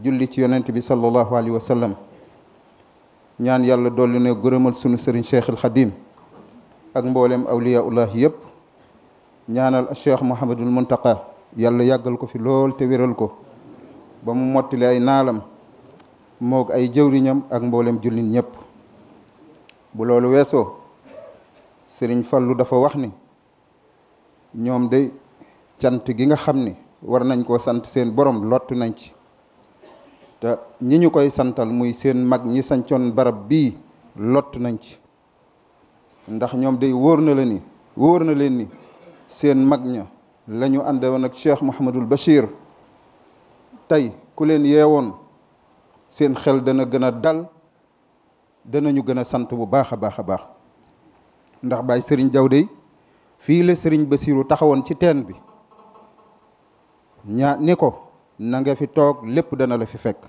julli ci yonent bi sallallahu alayhi wa sallam ñaan yàlla dolli ne gërëmal sunu sëriñ Cheikh al Xadim ak mboolem awliyaullah yëpp ñaanal Cheikh Mouhamadul Muntaqa yàlla yàggal ko fi lool te wéral ko ba mu mottali ay naalam moog ay jëwriñam ak mboolem jullit ñëpp bu loolu weesoo sëriñ Fallu dafa wax ni ñoom de cant gi nga xam ni war nañ koo sant seen borom lottu nañ ci te ñi ñu koy santal muy seen mag ñi sancoon barab bii lott nañ ci ndax ñoom day wóor na la ni wóor na leen ni seen mag ña lañu ñu àndewoon ak Cheikh Mouhamadul Bachir tey ku leen yeewoon seen xel dana gën a dal danañu gën a sant bu baax a baax a baax ndax Baye sëriñ jaw de fii la sëriñ Bassirou taxawoon ci teen bi ñaa ni ko nanga fi toog lépp dana la fi fekk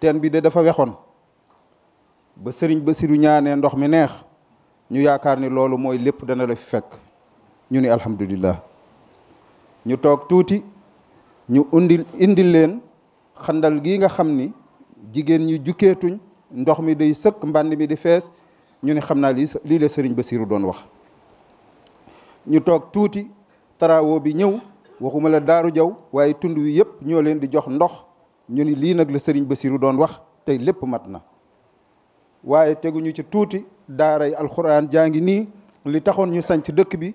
teen bi de dafa wexoon ba sëriñ Basiru ñaanee ndox mi neex ñu yaakaar ni loolu mooy lépp dana la fi fekk ñu ni alhamdulillah ñu toog tuuti ñu indi indi leen xandal gi nga xam ni jigéen ñu jukkeetuñ ndox mi day sëkk mbànd mi di fees ñu ni xam naa lii lii la sëriñ Basiru doon wax ñu toog tuuti tarawo bi ñëw waxuma la daaru jaw waaye tund wi yëpp ñoo leen di jox ndox ñu ni lii nag la sëriñ Basiru doon wax tey lépp mat na waaye teguñu ci tuuti daara yi alxuraan jaa ngi nii li taxoon ñu sanc dëkk bi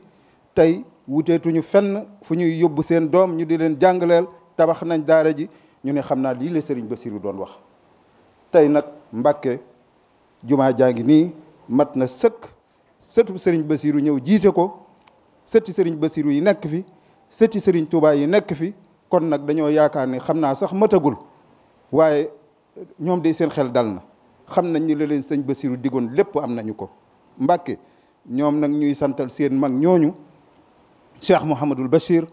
tey wuteetuñu fenn fu ñuy yóbbu seen doom ñu di leen jàngaleel tabax nañ daara ji ñu ni xam naa lii la sëriñ Basiru doon wax tey nag Mbàkke jumaa jaa ngi nii mat na sëkk sëtu sëriñ basiiru ñëw jiite ko sëti sëriñ Basiru yi nekk fi sëti Serigne Touba yi nekk fi kon nag dañoo yaakaar ni xam naa sax matagul waaye ñoom de seen xel dal na xam nañ ni la leen sëñ Bassirou diggoon lépp am nañu ko Mbàkke ñoom nag ñuy santal seen mag ñooñu Cheikh Mouhamadul Bachir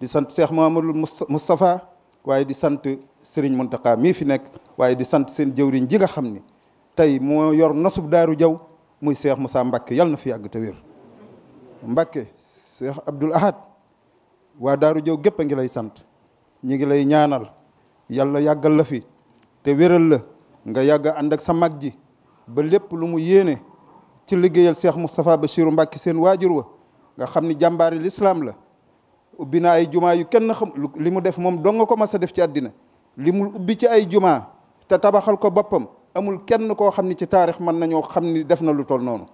di sant Cheikh Mouhamadul Moustapha waaye di sant Serigne Mountakha mii fi nekk waaye di sant seen jëwriñ ji xam ni tey moo yor nosub daaru jaw muy Cheikh Moussa Mbàkke yàlla na fi yàgg te wér Mbàkke Cheikh Abdoul Ahad waa daaru jëw gépp a ngi lay sant ñi ngi lay ñaanal yàlla yàggal la fi te wéral la nga yàgg ànd ak sa mag ji ba lépp lu mu yéene ci liggéeyal Cheikh Moustapha Bassirou Mbacké seen waajur wa nga xam ni jàmbaari lislaam la ubbi na ay jumaa yu kenn xam li mu def moom dong ko ma sa def ci àddina li mu ubbi ci ay jumaa te tabaxal ko boppam amul kenn koo xam ni ci taarix mën nañoo xam ni def na lu toll noonu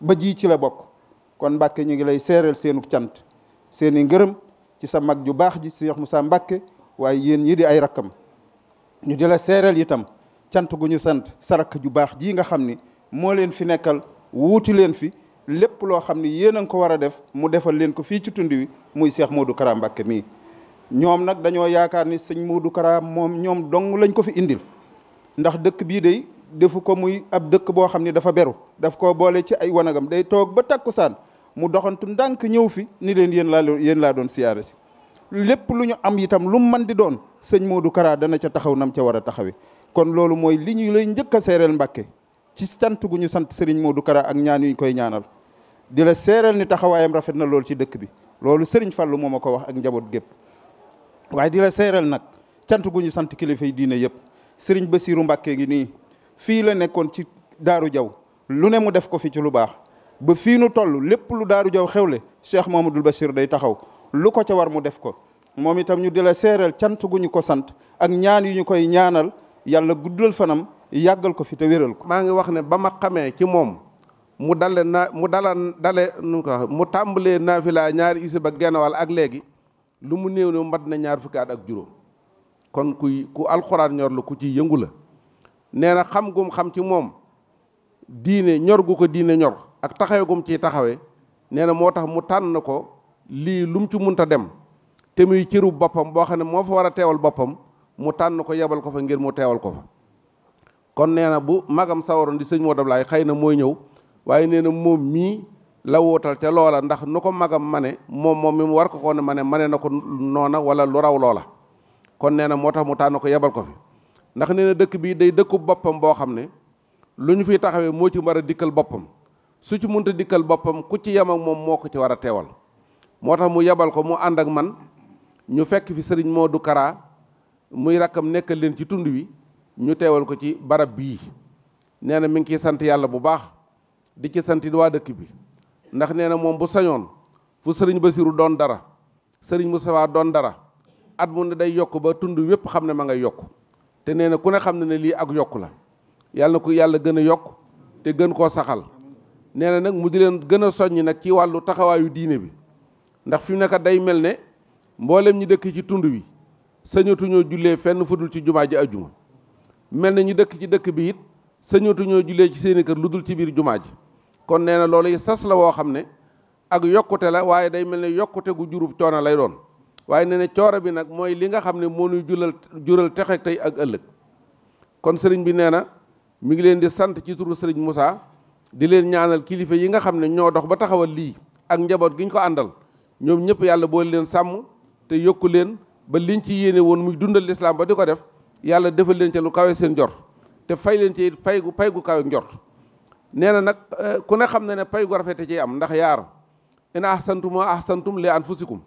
ba ji ci la bokk kon Mbacké ñu ngi lay seereel seenu cant seeni ngërëm ci sa mag ju baax ji mu Moussa Mbacké waaye yéen ñii di ay rakkam ñu di la seereel yitam cant gu ñu sant sa rakk ju baax jii nga xam ni moo leen fi nekkal wuuti leen fi lépp loo xam ni yéen a nga ko war a def mu defal leen ko fii ci tund wi muy mu Modou Kara Mbacké mii ñoom nag dañoo yaakaar ni sëñ Modou Kara moom ñoom dong lañ ko fi indil ndax dëkk bii day defu ko muy ab dëkk boo xam ni dafa beru daf ko boole ci ay wanagam day toog ba takkusaan mu doxantu ndànk ñëw fi ni leen yéen laa yéen laa doon siyaare si lépp lu ñu am itam lu man di doon sëñ Modou Kara dana ca taxaw nam ca war a taxawee kon loolu mooy li ñu lay njëkk a seereel Mbàkke ci sant gu ñu sant sëriñ Modou Kara ak ñaan yu koy ñaanal di la seereel ni taxawaayam rafet na lool ci dëkk bi loolu sëriñ Fallou moom a ko wax ak njaboot gépp waaye di la seereel nag cant gu ñu sant kilifa yi diine yëpp sëriñ Bassirou Mbàkke ngi nii fii la nekkoon ci Daaru Jaw lu ne mu def ko fi ci lu baax ba fii nu toll lépp lu daaru jaw xew le xewle Cheikh ba Bachir day taxaw lu ko ca war mu def ko moom itam ñu di la seereel cant gu ñu ko sant ak ñaan yu ñu koy ñaanal yàlla guddal fanam yàggal ko fi te wéral ko. maa ngi wax ne ba ma xamee ci moom mu dale na mu dala dale nu ko mu tàmbalee naafila ñaari isib ak genn wàll ak léegi lu mu néew ne mat na ñaar fukki at ak juróom kon kuy ku alxuraan ñor la ku ci yëngu la nee na xam gum xam ci moom diine ñor ko diine ñor. ak taxawegum ciy taxawe nee na moo tax mu tànn ko lii lu mu ci munta dem te muy cëru boppam boo xam ne moo fa war a teewal boppam mu tànn ko yebal ko fa ngir mu teewal ko fa kon nee na bu magam sawaroon di sëñ moo dab laay xëy na mooy ñëw waaye nee na moom mii la wóotal te loola ndax nu ko magam mane moom moom mi mu war ko ko ne mane mane na ko noona wala lu raw loola kon nee na moo tax mu tànn ko yebal ko fi ndax nee na dëkk bii day dëkku boppam boo xam ne lu ñu fiy taxawee moo ci war a dikkal boppam su ci munta dikkal boppam ku ci yem moom moo ko ci war a teewal moo tax mu yebal ko mu ànd ak man ñu fekk fi sëriñ moo du Kara muy rakkam nekkal leen ci tund wi ñu teewal ko ci barab bii nee na mi ngi ciy sant yàlla bu baax di ci sant waa dëkk bi ndax nee na moom bu sañoon fu sëriñ ba Basiru doon dara sëriñ mu sewaa doon dara at mu ne day yokk ba tund wépp xam ne ma ngay yokku te nee na ku ne xam ne ne lii ak yokk la yàlla ku yàlla gën a yokk te gën koo saxal nee na nag mu di leen gën a soññ nag ci wàllu taxawaayu diine bi ndax fi mu nekk day mel ne mboolem ñi dëkk ci tund wi sañatuñoo jullee fenn fu dul ci jumaa ji ajuma mel na ñu dëkk ci dëkk bi it sañatuñoo jullee ci seeni kër lu dul ci biir jumaa ji kon nee na loolu yi sas la woo xam ne ak yokkute la waaye day mel ne yokkute gu jurub coono lay doon waaye nee na cooro bi nag mooy li nga xam ne moo nuy julal jural texek tey ak ëllëg kon sëriñ bi nee na mi ngi leen di sant ci turu sëriñ Moussa di leen ñaanal kilifa yi nga xam ne ñoo dox ba taxawal lii ak njaboot gi ñu ko àndal ñoom ñëpp yàlla boo leen sàmm te yokku leen ba liñ ci yéene woon muy dundal lislaam ba di ko def yàlla defal leen ca lu kawe seen jor te fay leen ci it fay gu gu kawe njort nee na nag euh, ku ne xam na ne pay gu rafete ci am ndax yaar in lee ahsantum li anfusikum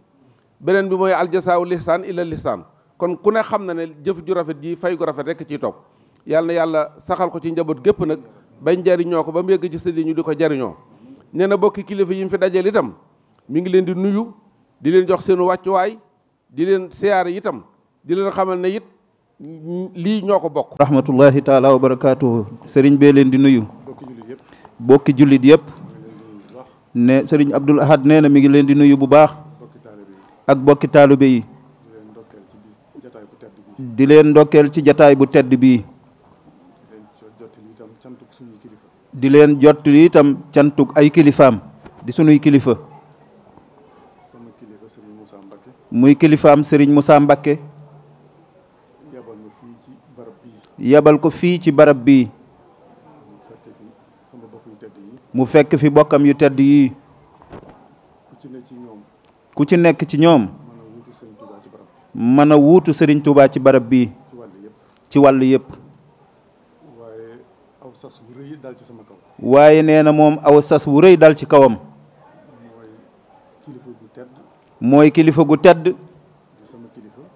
beneen bi mooy aljasaaw lihsaan illa lihsaan kon ku ne xam na ne jëf ju rafet ji fay gu rafet rekk ciy topp yàlla yàlla saxal ko ci njaboot gépp nag bañ jariñoo ko ba mu yegg ci sëriñ di ko jariñoo nee na bokki kilifa yi fi dajeel itam mi ngi leen di nuyu di leen jox seenu wàccuwaay di leen siyaare itam di leen xamal ne it lii ñoo ko bokk rahmatullahi taala sëriñ bee leen di nuyu bokki jullit yépp ne sëriñ Abdul Ahad nee na mi ngi leen di nuyu bu baax ak bokki taalu yi di leen ndokkeel ci jataay bu tedd bii di leen jot li itam cantug ay kilifaam di sunuy kilifa muy kilifaam sëriñ Moussa Mbakke yabal ko fii ci barab bii mu fekk fi bokkam yu tedd yii ku ci nekk ci ñoom mën a wuutu Serigne Touba ci barab bii ci wàll yépp aw kaw. waaye nee na moom aw sas wu rëy dal ci kawam. mooy kilifa gu tedd. mooy kilifa gu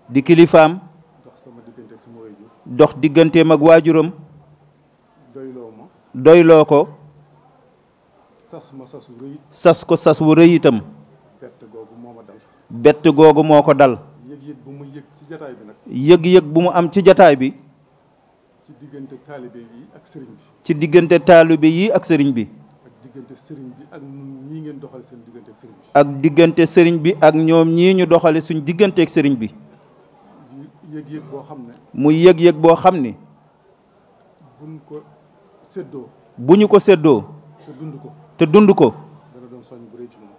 di kilifaam. dox diggante ak digganteem ak waajuram. doyloo ma. ko. sas ma sas wu rëy. sas ko sas wu rëy bett googu moo ko dal. yëg-yëg bu mu am ci jataay bi. sëriñ bi. ci diggante taalibe yi ak sëriñ bi. ak diggante sëriñ bi ak ñoom ñii ngeen doxale seen diggante ak diggante sëriñ bi ak ñoom ñii ñu doxale suñu diggante sëriñ bi. muy yëg-yëg boo xam ne. muy yëg-yëg boo xam ne. buñ ko séddoo. bu ñu ko séddoo. te dund ko te dund ko.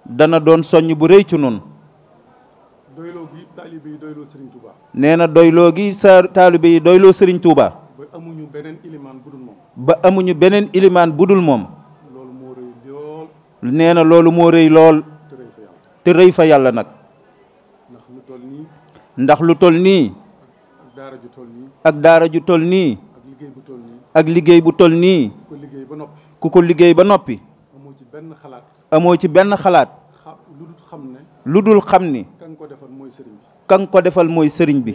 dana doon soññ bu rëy ci noonu. doyloo gi taalibe doyloo gi taalibe yi doyloo Serigne Touba. ba amuñu beneen ilimaan bu dul moom nee na loolu moo rëy lool te rëy fa yàlla nag ndax lu tol nii ak daara ju tol nii ak liggéey bu tol nii ku ko liggéey ba noppi amoo ci benn xalaat lu dul xam ni kan ko defal mooy sëriñ bi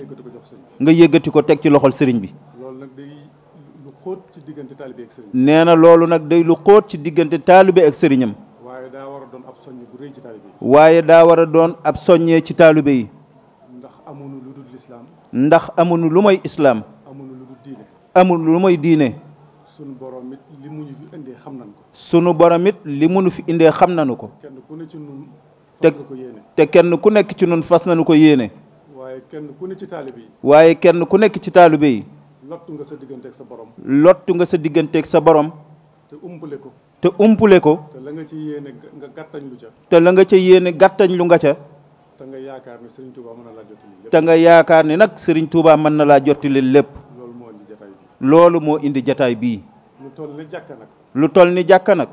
nga yëggati ko teg ci loxol sëriñ bi lu ci diggante taalibe nee na loolu nag day lu xóot ci diggante taalibe ak sëriñam. waaye daa war a doon ab soññe bu rëy ci taalibe waaye daa war a doon ab soññee ci taalibe yi. ndax amuñu lu dul islaam. ndax amuñu lu mooy islaam. amuñu lu dul diine. lu mooy diine. sunu borom li mu ñu fi indee xam nañu ko. sunu borom li mu fi indee xam nañu ko. kenn ku ci ñun fas ko yéene. te kenn ku nekk ci ñun fas nañu ko yéene. waaye kenn ku ci taalibe yi. waaye kenn ku nekk ci taalibe yi. lottu nga sa digganteeg sa borom. lottu nga sa digganteeg sa borom. te umpule ko. te umpule ko. te la nga ci yéene nga gàttañ lu ca. te la nga ca yéene gàttañ lu nga ca. te nga yaakaar ni Serigne Touba mën na laa jottali lépp. nga yaakaar nag Serigne Touba mën na laa jottali lépp. loolu moo indi jataay loolu moo indi jataay bii. lu toll ni jàkka nag. lu toll ni jàkka nag.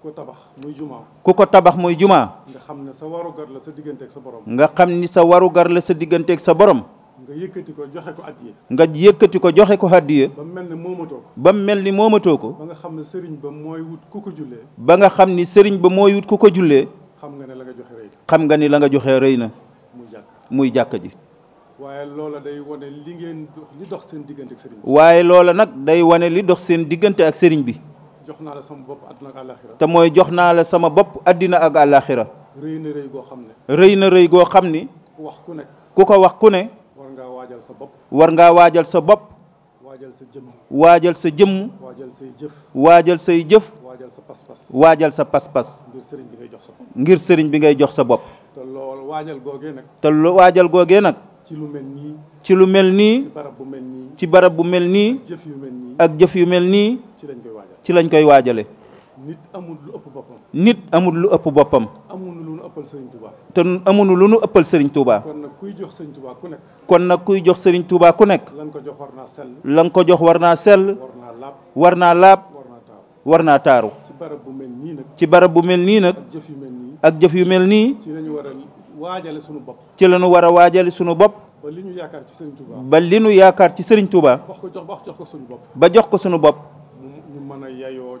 ku ko tabax muy jumaa. ku ko tabax muy jumaa. nga xam ne sa warugar la sa digganteeg sa borom. nga xam ni sa warugar la sa digganteeg sa borom. nga yëkkati ko joxe ko addiya nga yëkkati ko joxe ko addiya ba mel ni moomatoo ko ba mu mel ni moomatoo ko ba nga xam ne sëriñ ba mooy wut ku ko ba nga xam ni sëriñ ba mooy wut ku ko jullee xam nga ne la nga joxe rëy xam nga ni la nga joxe rëy na muy jàkk muy jàkk ji waaye loola day wane li ngeen diggante waaye loola nag day wane li dox seen diggante ak sëriñ bi jox naa la sama bopp ak àllaaxira te mooy jox naa la sama bopp àddina ak àllaaxira rëy na rëy goo xam ne rëy na rëy goo xam ni wax ku ne ku ko wax ku ne sa bopp. war ngaa waajal sa bopp. waajal sa jëmm. waajal sa jëmm. waajal say jëf. waajal say jëf. waajal sa pas-pas. waajal sa pas ngir sëriñ bi ngay jox sa bopp. ngir sëriñ bi ngay jox sa bopp. te loolu waajal googee nag. te lu waajal googee nag. ci lu mel nii. ci lu mel nii. barab bu mel nii. ci barab bu mel nii. ak jëf yu mel nii. ak jëf yu mel nii. ci lañ koy waajale. ci lañ koy waajale. nit amul lu ëpp boppam. nit amul lu ëpp boppam. amul lu nu ëppal Serigne Touba. te lu nu ëppal sëriñ Touba. kon nag kuy jox Serigne Touba ku nekk. kon nag kuy jox Serigne Touba ku nekk. la ko jox war naa sell. la nga ko jox war naa sell. war naa laab. war naa taaru. ci barab bu mel nii nag. ci barab bu mel nii nag. ak jëf yu mel nii. ak jëf yu mel nii. ci la ñu war a waajale sunu bopp. ci la ñu war a waajale sunu bopp. ba li ñu yaakaar ci Serigne Touba. ba li ñu yaakaar ci Serigne Touba. ba jox ko sunu bopp. ba jox ko sunu bopp. mën a yayoo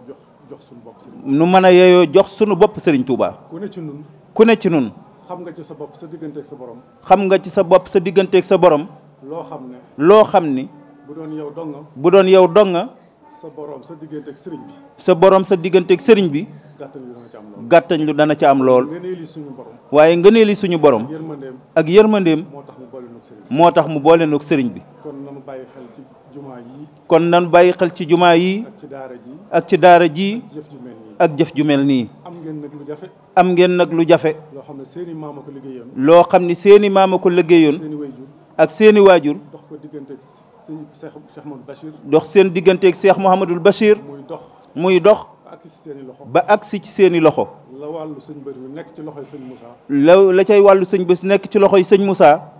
jox suñu bopp nu mën a yeyoo jox sunu bopp Serigne Touba. ku ne ci nun ku ne ci nun xam nga ci sa bopp sa digganteeg sa borom. xam nga ci sa bopp sa digganteeg sa borom. loo xam ne loo xam ni. bu doon yow dong. bu doon yow dong. sa borom sa digganteeg sëriñ bi. sa borom sa digganteeg sëriñ bi. gàttañ lu dana ca am lool waaye ngëneeli suñu borom ak yërmandeem moo tax mu boole noog sëriñ bi kon nan bàyyi xel ci jumaa yi ak ci daara ji ak jëf ju mel nii am ngeen nag lu jafe loo xam ni seeni maama ko liggéeyoon ak seeni waajur dox seen digganteeg Cheikh Mouhamadul Bachir muy dox ba agsi ci seeni loxo. la wàllu sëñ bés mi nekk ci loxoy sëñ Moussa. la la cay wàllu sëñ bés nekk ci loxoy sëñ Moussa.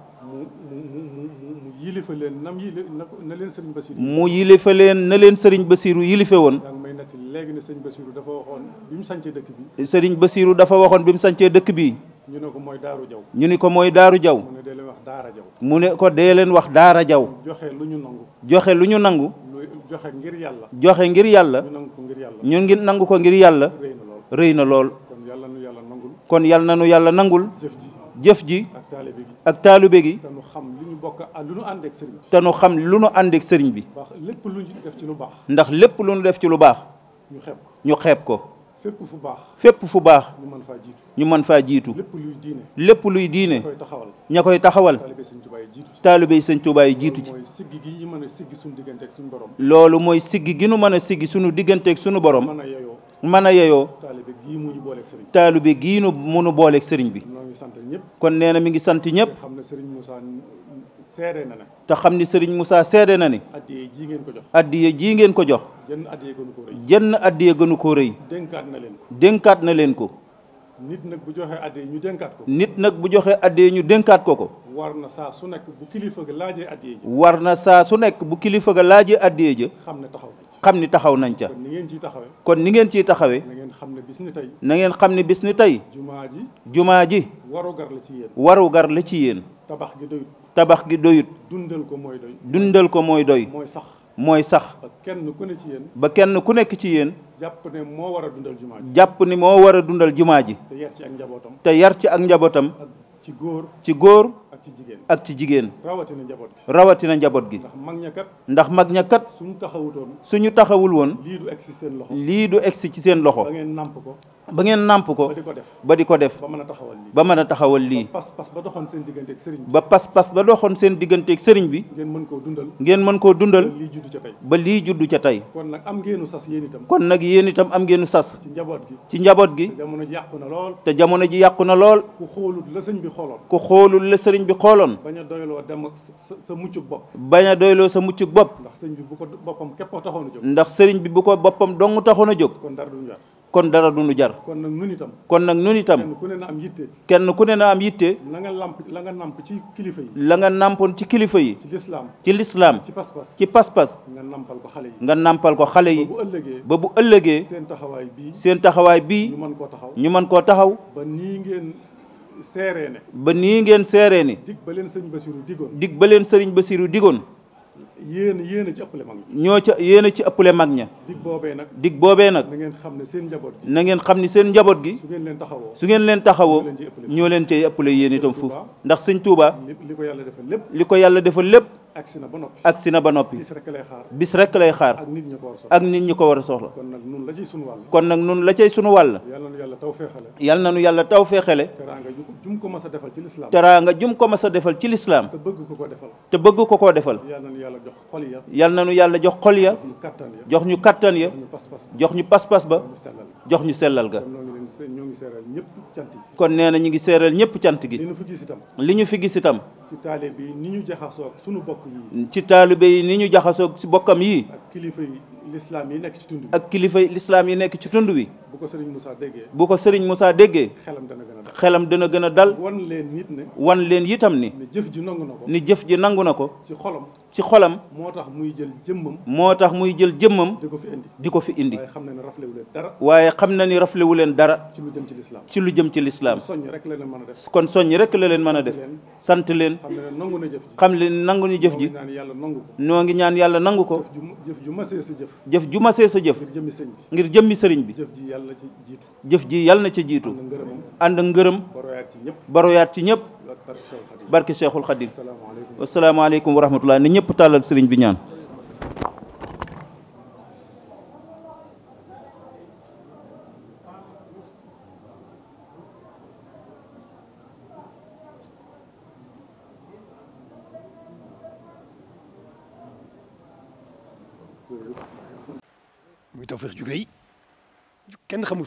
yilifa leen nam yili na leen sëriñ Basiru mu yilifa leen na leen sëriñ Basiru yilife woon. yaa ngi may léegi ne sëriñ Basiru dafa waxoon bi mu sancee dëkk bi. sëriñ Basiru dafa waxoon bi mu sancee dëkk bi. ñu ne ko mooy Daaru Jaw. ñu ne ko mooy Daaru Jaw. mu ne dee leen wax Daara Jaw. mu ne ko dee leen wax Daara Jaw. joxe lu ñu nangu. joxe lu ñu nangu. joxe ngir yàlla. joxe ngir yàlla. ñu nangu ko ngir yàlla. ñun ngi nangu ko ngir yàlla. rëy na lool. kon yàlla nu yàlla nangul. kon yàlla na nu yàlla nangul. jëf ji jëf ji. ak taalibe gi ak taalibe gi. te nu xam lu ñu bokk nu ànd ak sëriñ bi. te nu xam lu nu ànd ak sëriñ bi. ndax lépp lu ñu def ci lu baax. ndax lépp lu def ci lu baax. ñu xeeb ñu xeeb ko. fépp fu baax fépp fu baax. ñu mën faa jiitu ñu man faa jiitu. lépp luy diine lépp luy diine. ña koy taxawal. taalibey sëñ Tuubaa yi jiitu ci. loolu mooy siggi gi ñu mën a siggi suñu digganteeg suñu borom. mën a yeyoo. taalibe gii nu mënu booleeg sëriñ bi. kon nee na mi ngi sant ñëpp. seede na nag te xam ni Serigne Moussa seede na ni. addiye ji ngeen ko jox addiye ji ngeen ko jox. jënn addiye gënu ko rëy jënn addiye gënu ko rëy. dénkaat na leen ko dénkaat na leen ko. nit nag bu joxe addiye ñu dénkaat ko. nit nag bu joxee addiye ñu dénkaat ko ko. war na saa su nekk bu kilifa ga laajee addiye ji. war na saa su nekk bu kilifa ga laajee addiye ji. xam ne taxaw xam ni taxaw nañ ca. kon ni ngeen ciy taxawee. kon ni ngeen ciy taxawee. na xam ne bis ni na ngeen xam ne bis ni tey. jumaa ji jumaa ji. warugar la ci yéen. warugar la ci yéen. tabax gi doyut. tabax gi doyut. dundal ko mooy doy. dundal ko mooy doy. mooy sax. mooy sax. ba kenn ku ne ci ba kenn ku nekk ci yéen. jàpp ne moo war a dundal jumaa ji. jàpp moo war a dundal jumaa ji. te yar ci ak njabootam. ci ak ci góor ci góor. ak ci jigéen ak ci jigéen. rawatina njaboot gi rawatina njaboot gi. ndax mag ña kat. ndax mag ña suñu taxawutoon suñu taxawul woon. lii du egg si seen loxo lii du egg si ci seen loxo. ba ngeen namp ko. ba ngeen nàmp ko ba di ko def ba mën a taxawal lii ba pas-pas ba doxoon seen diggante ak sëriñ bi ba pas-pas ba doxoon seen diggante ak bi ngeen mën koo dundal ngeen mën koo dundal ba lii juddu ca tey kon nag am ngeenu sas yéen itam kon nag yéen itam am ngeenu sas ci njaboot gi ci njaboot gi jamono ji yàqu na lool te jamono ji yàqu na lool ku xoolul la sëriñ bi xooloon ku xoolul la bi xooloon bañ a doyloo dem ak sa muccuk bopp bañ a doyloo sa muccuk bopp ndax sëriñ bi bu ko boppam képp taxoon a jóg ndax sëriñ bi bu ko boppam dong taxoon a jóg kon dara kon dara du nu jar. kon nag nun itam. kon nag itam. kenn ku ne na am yitte. kenn ku ne na am yitte. la nga lamp la nga namp ci kilifa yi. la nga nampoon ci kilifa yi. ci lislaam ci lislaam. ci pas-pas ci pas-pas. nga nampal ko xale yi. nga nampal ko xale yi. ba bu ëllëgee. ba bu ëllëgee. seen taxawaay bii. seen taxawaay bii. ñu mën koo taxaw ñu mën koo taxaw. ba nii ngeen seeree ne. ba nii ngeen seeree ne. dig ba leen sëriñ Basiru digoon. dig ba leen sëriñ Basiru digoon. yéen yéen a ci ëppale ñoo ca yéen ci ëppale mag ña. dig boobee nag dig boobee nag. na ngeen xam ne seen njaboot gi. na ngeen xam ne seen njaboot gi. su ngeen leen taxawoo su ngeen leen taxawoo. ñoo leen cay ëppale yéen itam fuuf ndax sëñ Touba. li ko yàlla defal lépp li ko yàlla defal lépp. agsi na ba noppi agsi na ba noppi bis rek lay xaar bis rek lay xaar ak nit ñi ko war a soxla a kon nag nun la cay sunu wàll yal na nu yàlla taw feexale yal na jum ko mas a defal ci lislaam a te bëgg ko koo defal yal na nu yàlla jox xol ya jox ñu kattan ya jox ñu pas-pas ba jox ñu sellal ga ñoo ngi ñëpp kon nee na ñu ngi seeral ñëpp cant gi. li ñu fi gis itam. li ñu fi gis itam. ci taalibe yi ni ñu jaxasoo ak sunu bokk yi. ci ni ñu jaxasoo ak si yi. ak kilifa yi lislaam yi nekk ci tund wi. ak kilifa lislaam yi nekk ci tund wi. bu ko Serigne Moussa déggee. bu ko Serigne Moussa déggee. xelam dana gën dal xelam dana gën a dal. wan leen nit ne. wan leen itam ni. ni jëf ji nangu na ko. jëf ji nangu na ko. ci xolam. ci xolam. moo tax muy jël jëmmam. moo tax muy jël jëmmam. di ko fi indi di ko fi indi. waaye xam na ni raflewu leen dara. waaye xam na ni raflewu leen dara. ci lu jëm ci lislaam ci lu jëm ci lislaam. kon soññ rek la leen mën a def. kon soññ rek la leen mën a def. sant leen xam leen nangu na jëf ji. noo ngi ñaan yàlla nangu ko. jëf ju masee sa jëf. jëf ju masee sa jëf. ngir jëmmi sëriñ bi. jëf ji yàlla na ci jiitu. jëf ji yàlla na ci jiitu. ànd ngërëm. baroyaat ci ñëpp. barke Cheikhul Khadim wasalaamaaleykum wa rahmatulah ne ñëpp tàllal sëriñ bi ñaan. muy Tawfekh kenn xamul